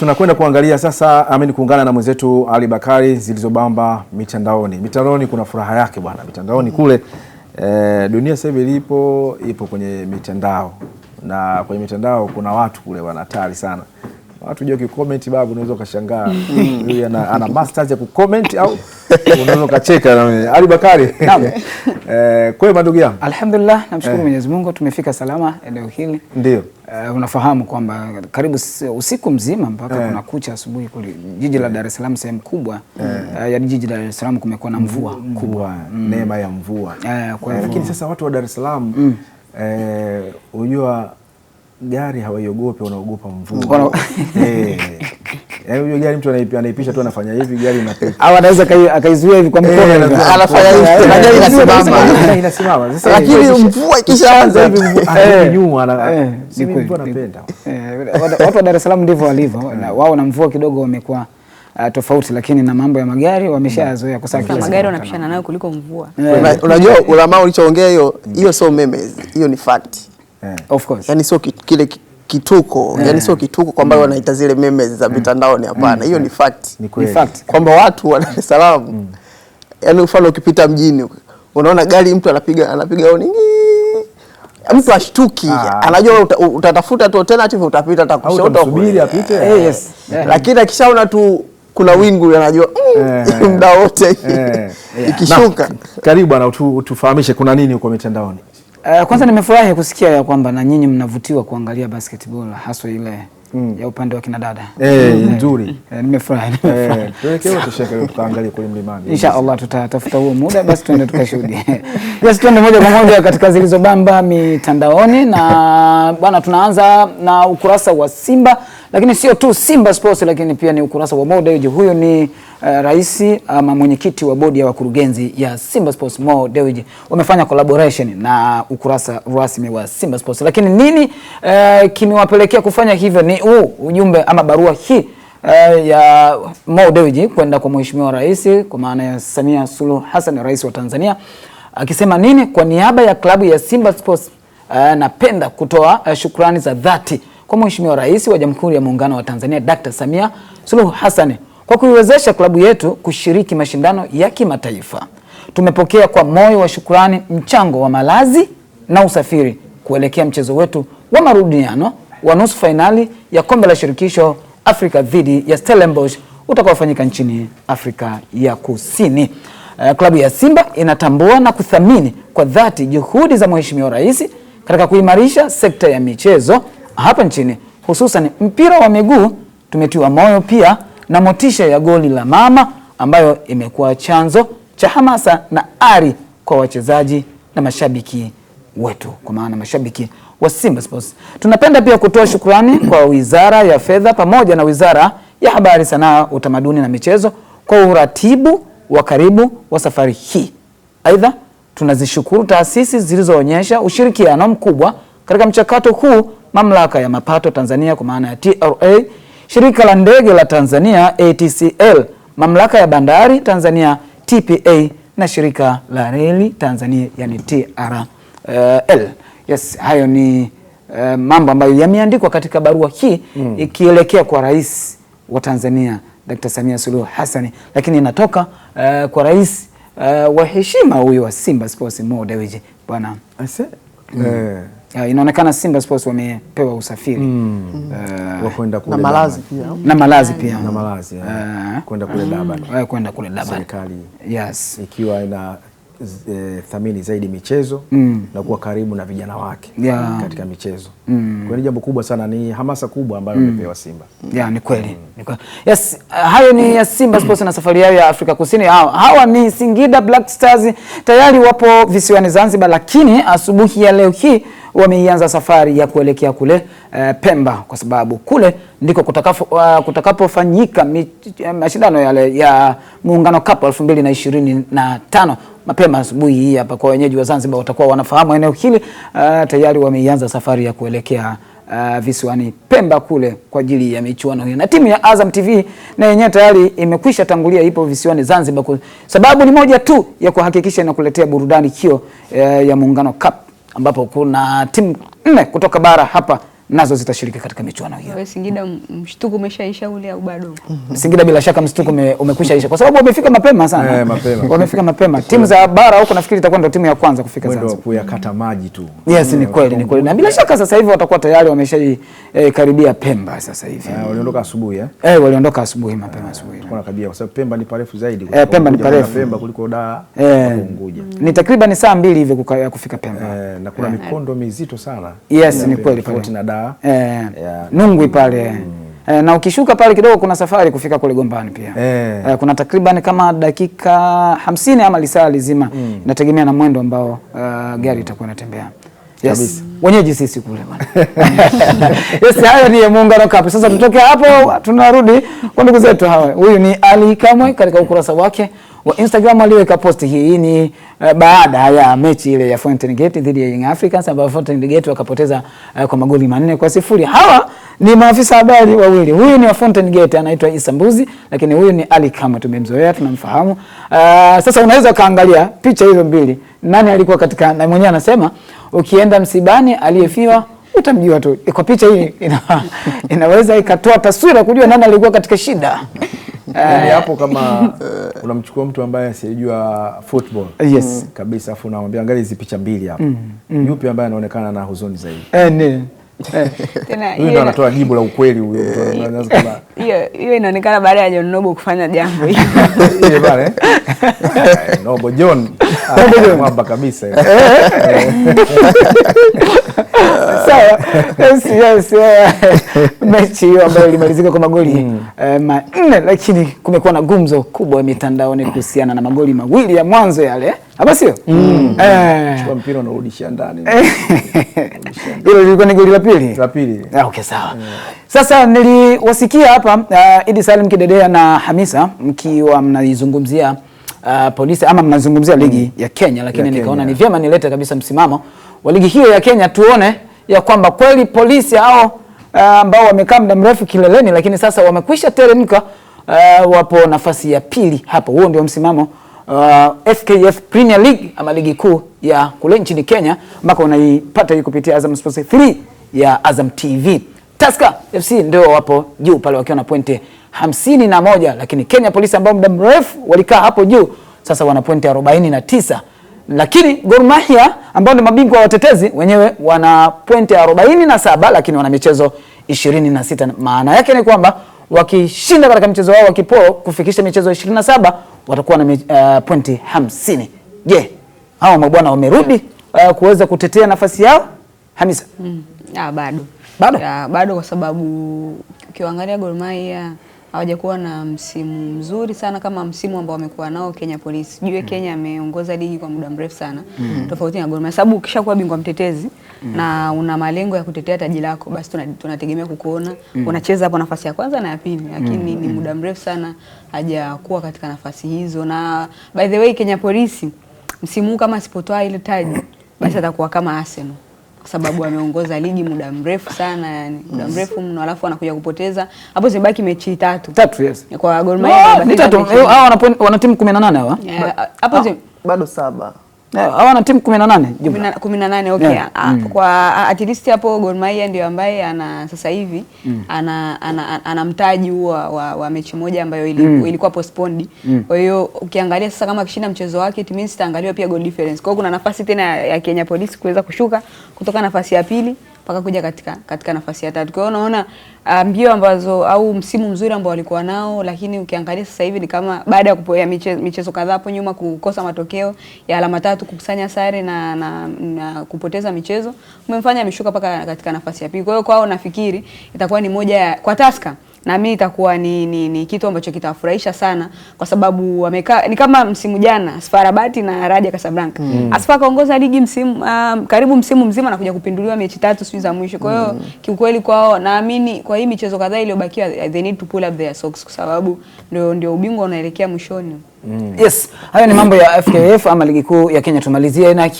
Tunakwenda kuangalia sasa amini, kuungana na mwenzetu Ali Bakari zilizobamba mitandaoni. Mitandaoni kuna furaha yake bwana, mitandaoni kule e, dunia sasa hivi ilipo ipo kwenye mitandao, na kwenye mitandao kuna watu kule wanatari sana watu jua ukicomment babu unaweza ukashangaa mm. huyu ana, ana masters ya kucomment au unaweza ukacheka. Ali Bakari, eh, kwema ndugu yangu, alhamdulillah, eh. namshukuru eh, Mwenyezi Mungu tumefika salama eneo hili ndio. Uh, unafahamu kwamba karibu usiku mzima mpaka eh, kuna kucha asubuhi kule jiji la eh. Dar es Salaam sehemu kubwa eh, uh, ya jiji la Dar es Salaam kumekuwa na mvua kubwa, mm. neema ya mvua eh, kwa hivyo lakini sasa watu wa Dar es Salaam mm, eh, unajua gari hawaiogopi, wanaogopa mvua hiyo eh. yaani gari mtu anaipisha tu anafanya hivi gari inapita, au anaweza akaizuia hivi kwa eh, mkono, hivi. anafanya hivi eh, na gari inasimama inasimama. Sasa lakini mvua ikishaanza hivi nyuma, anapenda watu wa Dar es Salaam ndivyo walivyo wao, na mvua kidogo wamekuwa Uh, tofauti lakini na mambo ya magari wameshazoea kwa sababu magari wanapishana nayo kuliko mvua. Unajua ulama ulichoongea hiyo hiyo, sio meme hiyo, ni fact yeah. Of course. Yani sio kile kituko yeah. Yani sio kituko kwamba mm. wanaita zile meme za mm. mitandaoni hapana, mm. hiyo mm. ni fact, ni kweli fact kwamba watu wa Dar es Salaam mm. yani mfano ukipita mjini unaona gari mtu anapiga anapiga oni mtu ashtuki ah. Anajua uta, utatafuta tu alternative utapita atakushoto subiri apite yeah. Yes. Yeah. Lakini akishaona tu kuna wingu anajua mda mm, eh. wote eh. ikishuka. Karibu bwana, utufahamishe kuna nini huko mitandaoni? Uh, kwanza nimefurahi kusikia ya kwamba na nyinyi mnavutiwa kuangalia basketball haswa ile mm. ya upande wa kina dada. Eh, mm. nzuri. Eh, nimefurahi. Eh, tuelekee tukaangalie kule mlimani. Inshallah tutatafuta huo muda basi tuende tukashuhudie. Yes, tuende moja kwa moja katika Zilizobamba mitandaoni na bwana tunaanza na ukurasa wa Simba lakini sio tu Simba Sports, lakini pia ni ukurasa wa Mo Dewji. Huyu ni uh, rais ama mwenyekiti wa bodi ya wakurugenzi ya Simba Sports, Mo Dewji. Wamefanya collaboration na ukurasa rasmi wa Simba Sports, lakini nini uh, kimewapelekea kufanya hivyo? Ni huu ujumbe ama barua hii Uh, ya Mo Dewji kwenda kwa Mheshimiwa Rais kwa maana ya Samia Suluhu Hassan, rais wa Tanzania, akisema nini? Kwa niaba ya klabu ya Simba Sports, uh, napenda kutoa uh, shukrani za dhati kwa Mheshimiwa Rais wa Jamhuri ya Muungano wa Tanzania Dr. Samia Suluhu Hassan kwa kuiwezesha klabu yetu kushiriki mashindano ya kimataifa. Tumepokea kwa moyo wa shukrani mchango wa malazi na usafiri kuelekea mchezo wetu wa marudiano wa nusu fainali ya Kombe la Shirikisho Afrika dhidi ya Stellenbosch utakaofanyika nchini Afrika ya Kusini. Eh, klabu ya Simba inatambua na kuthamini kwa dhati juhudi za Mheshimiwa Rais katika kuimarisha sekta ya michezo hapa nchini, hususan mpira wa miguu tumetiwa moyo pia na motisha ya goli la mama ambayo imekuwa chanzo cha hamasa na ari kwa wachezaji na mashabiki wetu, kwa maana mashabiki wa Simba Sports. Tunapenda pia kutoa shukrani kwa Wizara ya Fedha pamoja na Wizara ya Habari, Sanaa, Utamaduni na Michezo kwa uratibu wa karibu wa safari hii. Aidha, tunazishukuru taasisi zilizoonyesha ushirikiano mkubwa katika mchakato huu mamlaka ya mapato Tanzania kwa maana ya TRA, shirika la ndege la Tanzania ATCL, mamlaka ya bandari Tanzania TPA na shirika la reli Tanzania yani TRL. Yes, hayo ni uh, mambo ambayo yameandikwa katika barua hii mm. ikielekea kwa rais wa Tanzania Dr. Samia Suluhu Hassan, lakini inatoka uh, kwa rais uh, wa heshima huyo wa Simba Sports Mo Dewji bwana. Hmm. Uh, inaonekana Simba Sports wamepewa usafiri mm. uh, kule na malazi pia, na malazi pia na malazi eh. Eh. kwenda kule hmm. Durban kwenda kule Durban, serikali yes, ikiwa ina e, thamini zaidi michezo mm. na kuwa karibu na vijana wake yeah. katika michezo mm. kwa jambo kubwa sana, ni hamasa kubwa ambayo hmm. wamepewa mm. Simba yeah, ni kweli mm. ni kweli yes, hayo ni ya Simba Sports na safari yao ya Afrika Kusini. Hawa, hawa ni Singida Black Stars, tayari wapo visiwani Zanzibar, lakini asubuhi ya leo hii wameianza safari ya kuelekea kule e, Pemba kwa sababu kule ndiko uh, kutakapofanyika uh, mashindano yale ya Muungano Cup 2025. Mapema asubuhi hii hapa kwa wenyeji wa Zanzibar watakuwa wanafahamu eneo hili uh, tayari wameianza safari ya kuelekea Uh, visiwani Pemba kule kwa ajili ya michuano hiyo, na timu ya Azam TV na yenyewe tayari imekwisha tangulia, ipo visiwani Zanzibar kwa sababu ni moja tu ya kuhakikisha inakuletea burudani hiyo uh, ya Muungano Cup ambapo kuna timu nne kutoka bara hapa nazo zitashiriki katika michuano hiyo. Singida mshtuko umeshaisha ule au bado? Mm-hmm. Singida bila shaka mshtuko umekwishaisha kwa sababu wamefika mapema sana. Eh, mapema. Wamefika mapema. Timu za bara huko nafikiri itakuwa ndio timu ya kwanza kufika Zanzibar. Ndio kuyakata maji tu. Yes, ni mm, kweli, ni kweli. Na bila shaka sasa hivi watakuwa tayari wameshakaribia eh, Pemba sasa hivi. Eh, waliondoka asubuhi eh? Eh, waliondoka asubuhi mapema asubuhi. Kuna kabia kwa sababu Pemba ni parefu zaidi. Eh, Pemba ni parefu. Pemba kuliko Dar, eh, Unguja. Ni takriban saa mbili hivi kufika Pemba. Eh. Eh, na kuna eh, mikondo mizito sana. Yes, ni eh, kweli tofauti na daa eh, Nungwi pale mm. eh, na ukishuka pale kidogo kuna safari kufika kule Gombani pia eh, kuna takriban kama dakika hamsini ama lisaa lizima mm. Inategemea na mwendo ambao uh, gari itakuwa inatembea. Yes. Wenyeji sisi kule bwana. Yes, hayo ni Muungano Cup. Sasa tutoke hapo tunarudi kwa ndugu zetu hawa. Huyu ni Ali Kamwe katika ukurasa wake wa Instagram aliweka post Hii ni uh, baada ya mechi ile ya Fountain Gate dhidi ya Young Africans ambapo Fountain Gate wakapoteza uh, kwa magoli manne kwa sifuri. Hawa ni maafisa habari wawili. Huyu ni wa Fountain Gate anaitwa Isa Mbuzi, lakini huyu ni Ali Kama, tumemzoea tunamfahamu. Uh, sasa unaweza kaangalia picha hizo mbili, nani alikuwa katika, na mwenyewe anasema ukienda msibani aliyefiwa utamjua tu. Kwa picha hii ina, inaweza ikatoa taswira kujua nani alikuwa katika shida. Eh. Yaani hapo kama eh, unamchukua mtu ambaye asiyejua football yes. Mm. kabisa afu unamwambia angalia hizi picha mbili hapa mm. mm. yupi ambaye anaonekana na huzuni zaidi eh, eh. huyu ndo anatoa jibu la ukweli huyo. Hiyo inaonekana baada ya John Nobo kufanya jambo hilo. Nobo John Ah, mwamba kabisa eh, eh. sawa. Yes, yes, mechi hiyo ambayo ilimalizika kwa magoli mm. manne, lakini kumekuwa na gumzo kubwa mitandaoni kuhusiana na magoli mawili ya mwanzo yale, hapa sio hmm. chukua mpira unarudisha ndani hilo lilikuwa ni goli la pili la pili. Ah, okay, sawa mm. Sasa niliwasikia hapa uh, Idi Salim Kidedea na Hamisa mkiwa mnaizungumzia uh, polisi ama mnazungumzia mm. ligi mm. ya Kenya, lakini nikaona ni vyema nilete kabisa msimamo wa ligi hiyo ya Kenya, tuone ya kwamba kweli polisi hao uh, ambao uh, wamekaa muda mrefu kileleni, lakini sasa wamekwisha teremka uh, wapo nafasi ya pili hapo. Huo ndio msimamo uh, FKF Premier League ama ligi kuu ya kule nchini Kenya, ambako unaipata hii kupitia Azam Sports 3 ya Azam TV. Tusker FC ndio wapo juu pale wakiwa na pointi hamsini na moja, lakini Kenya polisi ambao muda mrefu walikaa hapo juu sasa wana pointi arobaini na tisa lakini Gor Mahia ambao ni mabingwa watetezi wenyewe wana pointi arobaini na saba lakini wana michezo ishirini na sita Maana yake ni kwamba wakishinda katika mchezo wao wakipo kufikisha michezo ishirini na saba watakuwa na uh, eh, pointi hamsini. Je, yeah. hawa mabwana wamerudi uh, kuweza kutetea nafasi yao Hamisa? Mm, ya, ah, bado bado ya, ah, bado kwa sababu ukiangalia Gor Mahia hawajakuwa na msimu mzuri sana kama msimu ambao wamekuwa nao Kenya Police. Jue mm. Kenya ameongoza ligi kwa muda mrefu sana mm. tofauti na Gor Mahia, sababu ukishakuwa bingwa mtetezi mm. na una malengo ya kutetea taji lako, basi tunategemea kukuona mm. unacheza hapo nafasi ya kwanza na ya pili, lakini mm. ni mm. muda mrefu sana hajakuwa katika nafasi hizo, na by the way Kenya Police msimu huu kama asipotoa ile taji basi atakuwa kama Arsenal kwa sababu ameongoza ligi muda mrefu sana, yani muda mrefu mno, alafu anakuja kupoteza hapo. Zimebaki mechi tatu tatu, yes, kwa Gor Mahia ni tatu. Hao wana timu 18 hawa hapo, ah, bado saba Eh, hawana timu kumi na nane jumla kumi na nane okay. Yeah. Ah, mm. Kwa at least hapo Gor Mahia ndio ambaye ana sasa hivi mm. ana, ana, ana, ana mtaji huo wa, wa mechi moja ambayo ili, mm. ilikuwa postponed mm. kwa hiyo ukiangalia sasa kama akishinda mchezo wake it means itaangaliwa pia goal difference. Kwa hiyo kuna nafasi tena ya Kenya Police kuweza kushuka kutoka nafasi ya pili mpaka kuja katika, katika nafasi ya tatu. Kwa hiyo unaona ah, mbio ambazo au msimu mzuri ambao walikuwa nao, lakini ukiangalia sasa hivi ni kama baada ya kupoea michezo, michezo kadhaa hapo nyuma kukosa matokeo ya alama tatu, kukusanya sare na, na, na kupoteza michezo umemfanya ameshuka mpaka katika nafasi ya pili. Kwa hiyo kwao nafikiri itakuwa ni moja ya kwa Taska naamini itakuwa ni, ni, ni kitu ambacho kitawafurahisha sana kwa sababu wamekaa ni kama msimu jana Asfar Rabati na Raja Casablanca. Mm. Asfar kaongoza ligi msimu um, karibu msimu mzima na kuja kupinduliwa mechi tatu sio za mwisho. Kwa hiyo mm. kiukweli kwao naamini kwa hii michezo kadhaa iliyobakiwa they need to pull up their socks kwa sababu ndio ndio ubingwa unaelekea mwishoni. Mm. Yes, hayo ni mambo ya FKF ama ligi kuu ya Kenya tumalizie na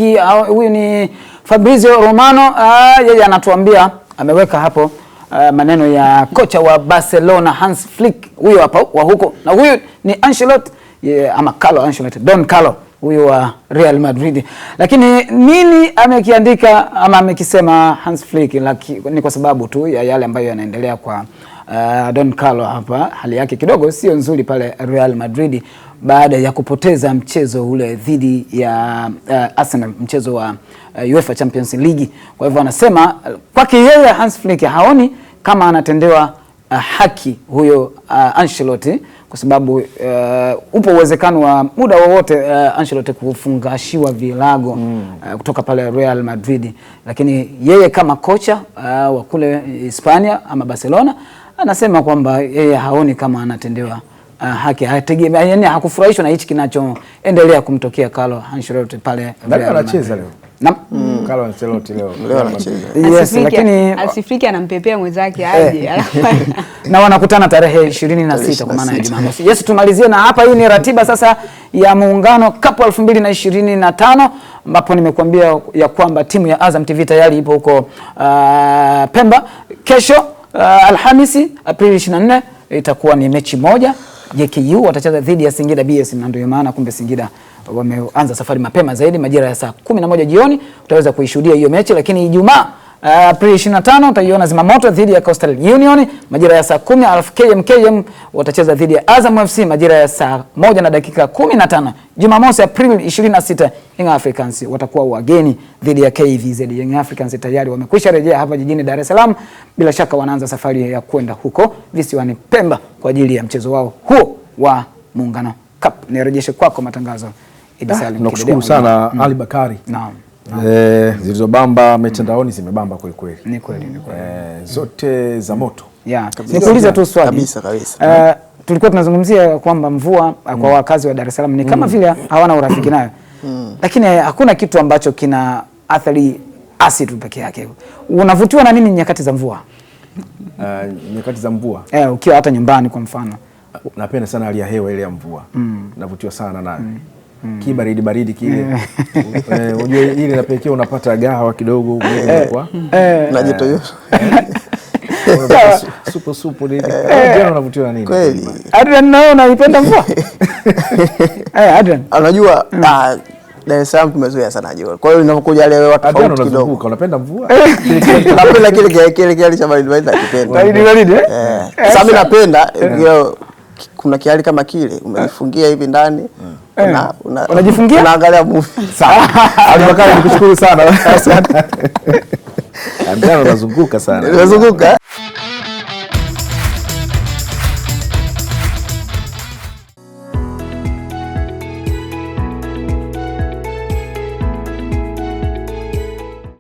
huyu ni Fabrizio Romano ah, yeye anatuambia ameweka hapo Eh, maneno ya kocha wa Barcelona Hans Flick, huyo hapa wa huko, na huyu ni Ancelotti yeah, ama Carlo Ancelotti, Don Carlo huyu wa Real Madrid. Lakini nini amekiandika ama amekisema Hans Flick? Laki, ni kwa sababu tu ya yale ambayo yanaendelea kwa uh, Don Carlo hapa, hali yake kidogo sio nzuri pale Real Madrid baada ya kupoteza mchezo ule dhidi ya uh, Arsenal, mchezo wa uh, UEFA Champions League. Kwa hivyo anasema uh, kwake yeye Hans Flick haoni kama anatendewa uh, haki huyo uh, Ancelotti kwa sababu uh, upo uwezekano wa muda wowote uh, Ancelotti kufungashiwa vilago mm. uh, kutoka pale Real Madrid, lakini yeye kama kocha uh, wa kule Hispania ama Barcelona anasema kwamba yeye haoni kama anatendewa Ah, haki hategemea yani hakufurahishwa na hichi kinachoendelea kumtokea Carlo Ancelotti pale. Ndio anacheza leo. Na mm. Carlo Ancelotti leo. Leo anacheza. Yes, lakini asifiki anampepea mwenzake eh. aje. Na wanakutana tarehe 26 kwa maana ya Jumamosi. Yes, tumalizie na hapa hii ni ratiba sasa ya Muungano Cup 2025 ambapo nimekuambia ya kwamba timu ya Azam TV tayari ipo huko uh, Pemba kesho uh, Alhamisi Aprili 24 itakuwa ni mechi moja JKU watacheza dhidi ya Singida BS, na ndio maana kumbe Singida wameanza safari mapema zaidi. Majira ya saa 11 jioni utaweza kuishuhudia hiyo mechi, lakini Ijumaa Uh, Aprili 25 utaiona Zimamoto dhidi ya Coastal Union majira ya saa 10, alafu KMKM watacheza dhidi ya Azam FC majira ya saa moja na dakika 15. Jumamosi Aprili 26 Young Africans watakuwa wageni dhidi ya KVZ. Young Africans tayari wamekwisha rejea hapa jijini Dar es Salaam, bila shaka wanaanza safari ya kwenda huko visiwani Pemba kwa ajili ya mchezo wao huo wa Muungano Cup. Nirejeshe kwako matangazo. Idi ah, Salim, nakushukuru sana Ali Bakari. Naam eh, zilizobamba mitandaoni zimebamba kweli kweli. Ni kweli, ni kweli. Eh, zote za moto. Yeah. Nikuuliza tu swali. Kabisa kabisa. Eh, eh, tulikuwa tunazungumzia kwamba mvua mm. kwa wakazi wa Dar es Salaam ni kama mm. vile hawana urafiki nayo mm. Mm. lakini eh, hakuna kitu ambacho kina athari asi tu peke yake. Unavutiwa na nini nyakati za mvua? Uh, nyakati za mvua eh, ukiwa hata nyumbani kwa mfano, napenda sana hali ya hewa ile ya mvua mm. navutiwa sana nayo mm mm. kibaridi baridi kile eh. Eh, unajua ile eh. na pekee unapata gawa kidogo kwa ni unavutiwa na nini kweli? Adrian, nao unaipenda mvua? Adrian, ah, unajua mm. ah, Dar es Salaam tumezoea sana jua. Kwa hiyo inapokuja leo watu tofauti kidogo. Unapenda mvua? Napenda kile kile kile kile cha baridi baridi nakipenda. Baridi baridi eh. Sasa mimi napenda kuna kiali kama kile umejifungia hivi ndani eh. unajifungia, unaangalia movie. Sawa, Abubakari, nikushukuru sana, unazunguka sana, unazunguka